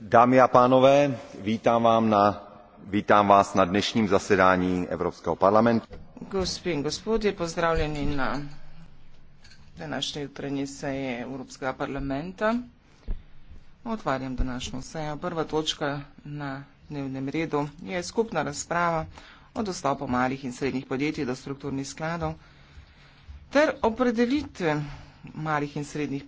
dámy a pánové vítám vás na dnešním zasedání evropského parlamentu gospe in gospodje pozdravljeni na današnji jutranji seji evropskega parlamenta otvarjam današnjo sejo prva točka na dnevnem redu je skupna razprava o dostopu malih in srednjih podjetij do strukturnih skladov ter opredelitve malih in srednjih